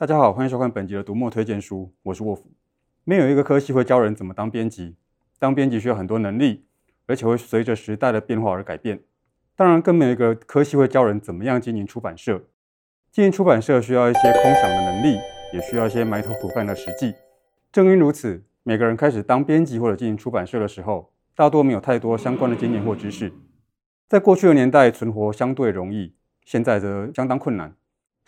大家好，歡迎收看本集的讀墨推薦書，我是沃夫。沒有一個科系會教人怎麼當編輯，當編輯需要很多能力，而且會隨着時代的變化而改變。當然，更沒有一個科系會教人怎麼樣經營出版社。經營出版社需要一些空想的能力，也需要一些埋頭苦幹的實際。正因如此，每個人開始當編輯或者經營出版社的時候，大多沒有太多相關的經驗或知識。在過去的年代，存活相對容易，現在則相當困難。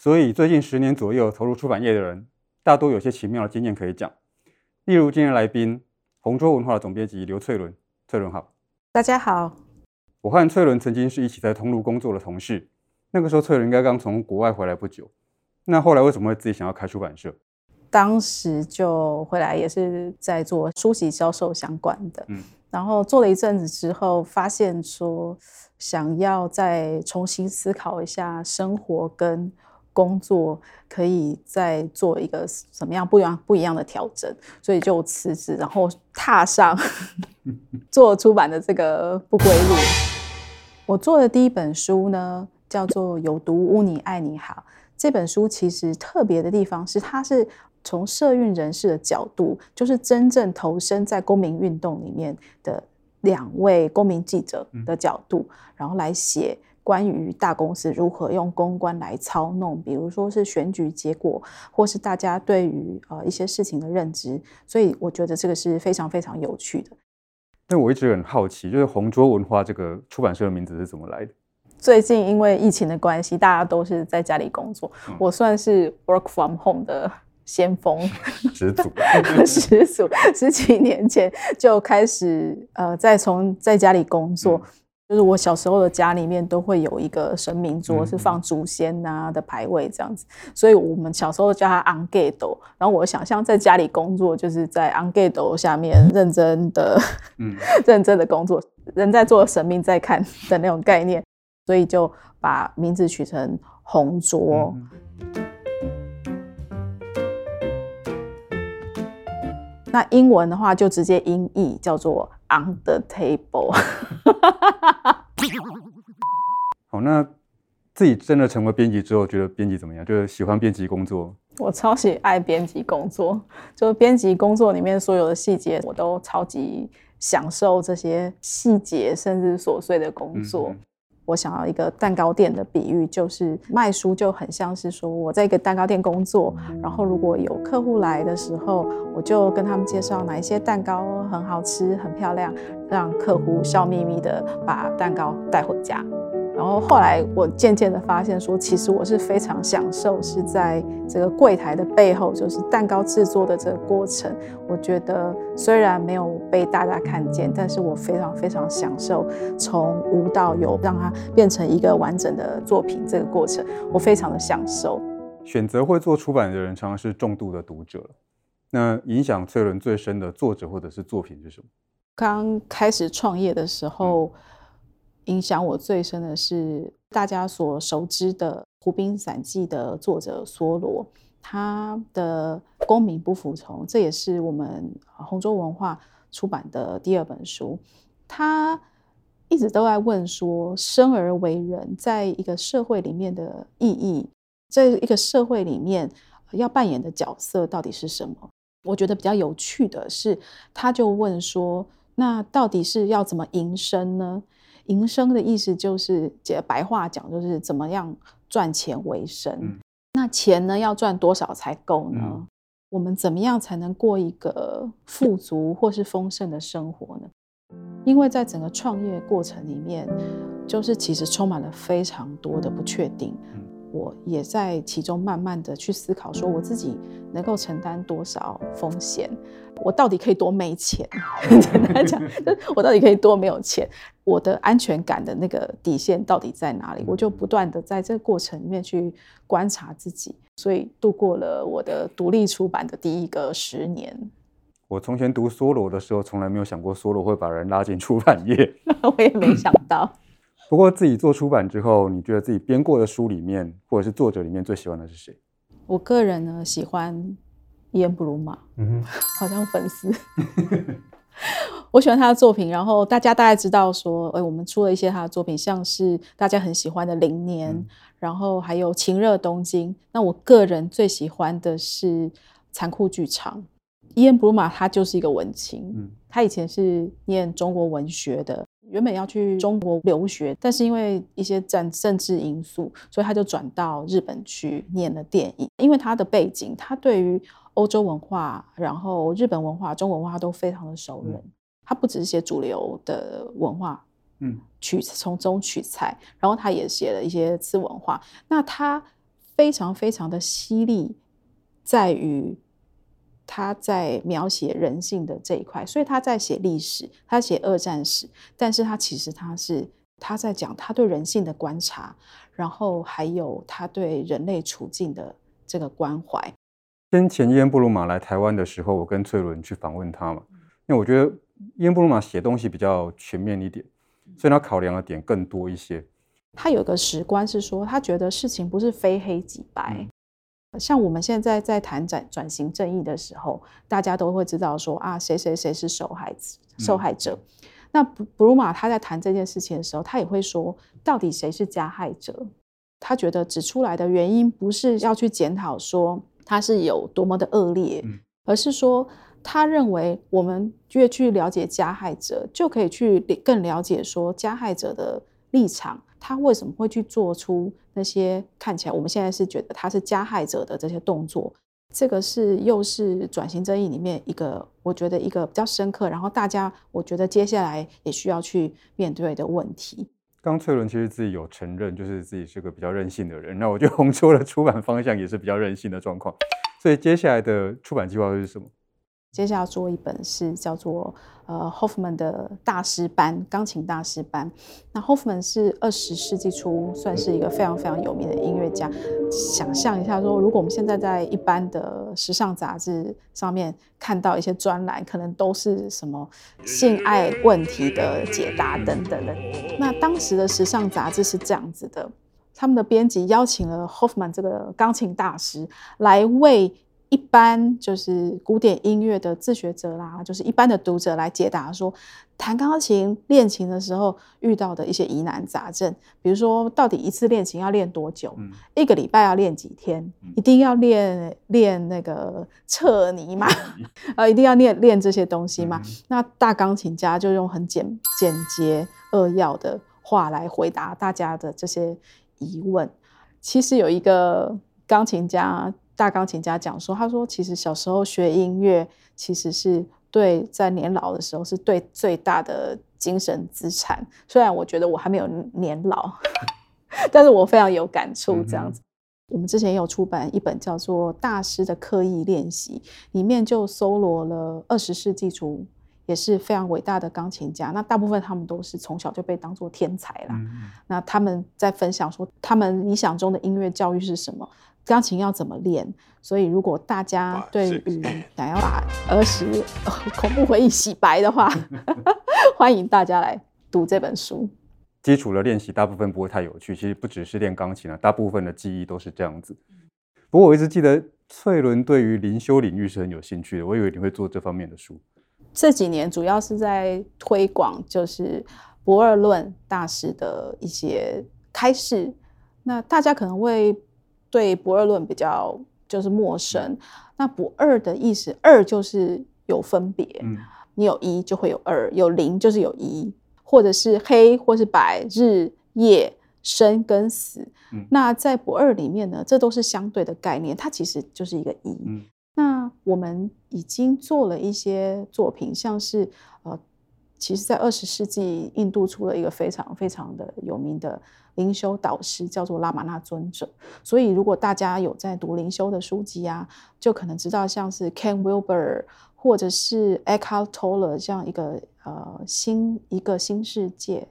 所以最近十年左右投入出版業的人，大多有些奇妙的經驗可以講。例如今天來賓紅桌文化的總編輯劉粹倫。粹倫好，大家好。我和粹倫曾經是一起在通路工作的同事，那個時候粹倫應該剛從國外回來不久。那後來為什麼會自己想要開出版社？當時就回來也是在做書籍銷售相關的，嗯，然後做了一陣子之後，發現說想要再重新思考一下生活跟工作可以再做一個什麼樣不一樣、不一樣的調整，所以就辭職，然後踏上 做出版的這個不歸路。我做的第一本書呢，叫做《有毒污泥愛你好》。這本書其實特別的地方是，它是從社運人士的角度，就是真正投身在公民運動裡面的兩位公民記者的角度，嗯、然後來寫。關於大公司如何用公關來操弄，比如說是選舉結果，或是大家對於呃一些事情的認知，所以我覺得這個是非常非常有趣的。那我一直很好奇，就是紅桌文化這個出版社的名字是怎麼來的？最近因為疫情的關係，大家都是在家裡工作，嗯、我算是 work from home 的先鋒，始祖，始祖。十幾年前就開始呃在從在家裡工作。嗯就是我小時候的家裡面都會有一個神明桌，是放祖先啊的牌位這樣子。嗯嗯，所以我們小時候叫他 anggeto。然後我想象在家裡工作，就是在 anggeto 下面認真的，嗯， 認真的工作，人在做，神明在看的那種概念。所以就把名字取成“紅桌”嗯嗯。那英文的話就直接音譯叫做 on the table。 好，那自己真的成為編輯之後，覺得編輯怎麼樣？就是喜歡編輯工作？我超喜愛編輯工作，就編輯工作裡面所有的細節，我都超級享受這些細節，甚至瑣碎的工作。嗯我想要一個蛋糕店的比喻，就是賣書就很像是說我在一個蛋糕店工作，然後如果有客戶來的時候，我就跟他們介紹哪一些蛋糕很好吃、很漂亮，讓客戶笑眯眯的把蛋糕帶回家。然後後來，我漸漸的發現，說其實我是非常享受，是在這個櫃檯的背後，就是蛋糕製作的這個過程。我覺得雖然沒有被大家看見，但是我非常非常享受從無到有，讓它變成一個完整的作品這個過程，我非常的享受。選擇會做出版的人，常常是重度的讀者。那影響粹倫最深的作者或者是作品是什麼？剛開始創業的時候。嗯影響我最深的是大家所熟知的《湖濱散記》的作者梭羅，他的《公民不服從》，這也是我們紅桌文化出版的第二本書。他一直都在問說，生而為人，在一個社會裡面的意義，在一個社會裡面要扮演的角色到底是什麼？我覺得比較有趣的是，他就問說，那到底是要怎麼營生呢？營生的意思就是，解白話講就是怎麼樣賺錢為生。嗯、那錢呢，要賺多少才夠呢？嗯、我們怎麼樣才能過一個富足或是豐盛的生活呢？因為在整個創業過程裡面，就是其實充滿了非常多的不確定。嗯我也在其中慢慢的去思考，說我自己能夠承擔多少風險，我到底可以多沒錢？很簡單講，我到底可以多沒有錢？我的安全感的那個底線到底在哪裡？我就不斷的在這個過程裡面去觀察自己，所以度過了我的獨立出版的第一個十年。我從前讀梭羅的時候，從來沒有想過梭羅會把人拉進出版業， 我也沒想到。 不過自己做出版之後，你覺得自己編過的書裡面，或者是作者裡面最喜歡的是誰？我個人呢喜歡伊恩、嗯哼·布魯瑪嗯好像粉絲。 我喜歡他的作品，然後大家大概知道說，哎、欸，我們出了一些他的作品，像是大家很喜歡的《零年》，嗯、然後還有《情熱東京》。那我個人最喜歡的是《殘酷劇場》。伊恩·布魯瑪他就是一個文青，嗯，他以前是念中國文學的。原本要去中國留學，但是因為一些政治因素，所以他就轉到日本去念了電影。因為他的背景，他對於歐洲文化、然後日本文化、中文化，都非常的熟稔。他不只是寫主流的文化，嗯，取從中取材，然後他也寫了一些次文化。那他非常非常的犀利，在於，他在描寫人性的這一塊，所以他在寫歷史，他寫二戰史，但是他其實他是他在講他對人性的觀察，然後還有他對人類處境的這個關懷。先前伊恩布魯瑪來台灣的時候，我跟粹倫去訪問他嘛，因為我覺得伊恩布魯瑪寫東西比較全面一點，所以他考量的點更多一些。他有個史觀是說，他覺得事情不是非黑即白。嗯像我們現在在談轉轉型正義的時候，大家都會知道說啊，誰誰誰是受害者受害者。嗯、那布魯瑪他在談這件事情的時候，他也會說，到底誰是加害者？他覺得指出來的原因不是要去檢討說他是有多麼的惡劣，嗯、而是說他認為我們越去了解加害者，就可以去更了解說加害者的立場，他為什麼會去做出。那些看起來，我們現在是覺得他是加害者的這些動作，這個是又是轉型正義裡面一個我覺得一個比較深刻，然後大家我覺得接下來也需要去面對的問題。剛粹倫其實自己有承認，就是自己是個比較任性的人，那我覺得紅桌的出版方向也是比較任性的狀況，所以接下來的出版計劃會是什麼？接下來要做一本是叫做呃 Hoffman 的大師班，鋼琴大師班。那 Hoffman 是二十世紀初算是一個非常非常有名的音樂家。想象一下說，說如果我們現在在一般的時尚雜誌上面看到一些專欄，可能都是什麼性愛問題的解答等等的。那當時的時尚雜誌是這樣子的，他們的編輯邀請了 Hoffman 這個鋼琴大師來為。一般就是古典音樂的自學者啦，就是一般的讀者來解答說，彈鋼琴練琴的時候遇到的一些疑難雜症，比如說到底一次練琴要練多久，嗯、一個禮拜要練幾天，嗯、一定要練練那個車爾尼嗎、嗯呃，一定要練練這些東西嗎？嗯、那大鋼琴家就用很簡簡潔扼要的話來回答大家的這些疑問。其實有一個鋼琴家、啊。大鋼琴家講說：“他說，其實小時候學音樂，其實是對在年老的時候是對最大的精神資產。雖然我覺得我還沒有年老，但是我非常有感觸。這樣子，嗯嗯我們之前也有出版一本叫做《大師的刻意練習》，裡面就搜羅了二十世紀初也是非常偉大的鋼琴家。那大部分他們都是從小就被當做天才啦。嗯嗯那他們在分享說，他們理想中的音樂教育是什麼？”鋼琴要怎麼練？所以如果大家對想、啊、要把兒時、哦、恐怖回憶洗白的話， 歡迎大家來讀這本書。基礎的練習大部分不會太有趣，其實不只是練鋼琴啊，大部分的技藝都是這樣子。嗯、不過我一直記得粹倫對於靈修領域是很有興趣的，我以為你會做這方面的書。這幾年主要是在推廣，就是不二論大師的一些開示。那大家可能會，對不二論比較就是陌生，嗯、那不二的意思，二就是有分別。嗯、你有一就會有二，有零就是有一，或者是黑，或是白，日夜生跟死。嗯、那在不二裡面呢，這都是相對的概念，它其實就是一個一。嗯、那我們已經做了一些作品，像是呃。其實，在二十世紀，印度出了一個非常、非常的有名的靈修導師，叫做拉瑪納尊者。所以，如果大家有在讀靈修的書籍啊，就可能知道，像是 Ken Wilber 或者是 Eckhart Tolle、er、這樣一個呃新一個新世界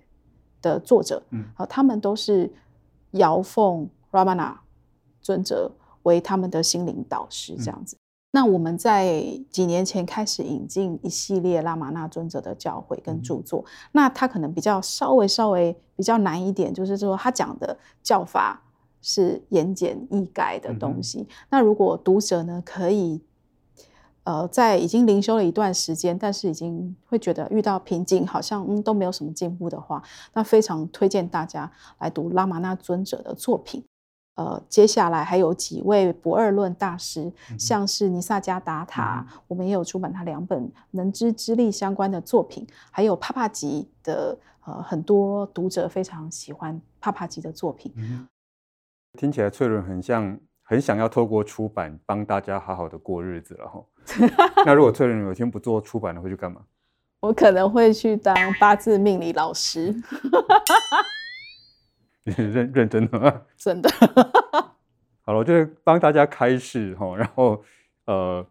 的作者，嗯，好，他們都是遙奉拉瑪納尊者為他們的心靈導師，這樣子、嗯。嗯那我們在幾年前開始引進一系列拉瑪那尊者的教誨跟著作，嗯、哼那他可能比較稍微稍微比較難一點，就是說他講的教法是言簡意賅的東西。嗯、哼那如果讀者呢可以，呃，在已經靈修了一段時間，但是已經會覺得遇到瓶頸，好像嗯都沒有什麼進步的話，那非常推薦大家來讀拉瑪那尊者的作品。呃、接下來還有幾位不二論大師，嗯、哼像是尼薩加達塔，嗯、我們也有出版他兩本能知之力相關的作品，還有帕帕吉的，呃，很多讀者非常喜歡帕帕吉的作品，嗯。聽起來粹倫很像很想要透過出版幫大家好好的過日子了齁。 那如果粹倫有一天不做出版了，會去幹嘛？我可能會去當八字命理老師。 認認真的嗎？真的。 好了，就是幫大家開示哈，然後呃，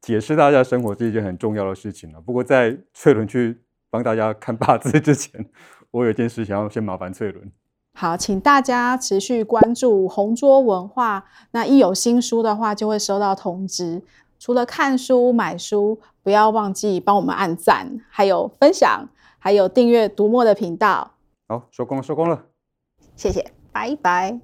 解釋大家生活是一件很重要的事情了。不過，在粹倫去幫大家看八字之前，我有件事想要先麻煩粹倫。好，請大家持續關注紅桌文化，那一有新書的話就會收到通知。除了看書買書，不要忘記幫我們按讚，還有分享，還有訂閱讀墨的頻道。好，收工了，收工了。謝謝，拜拜。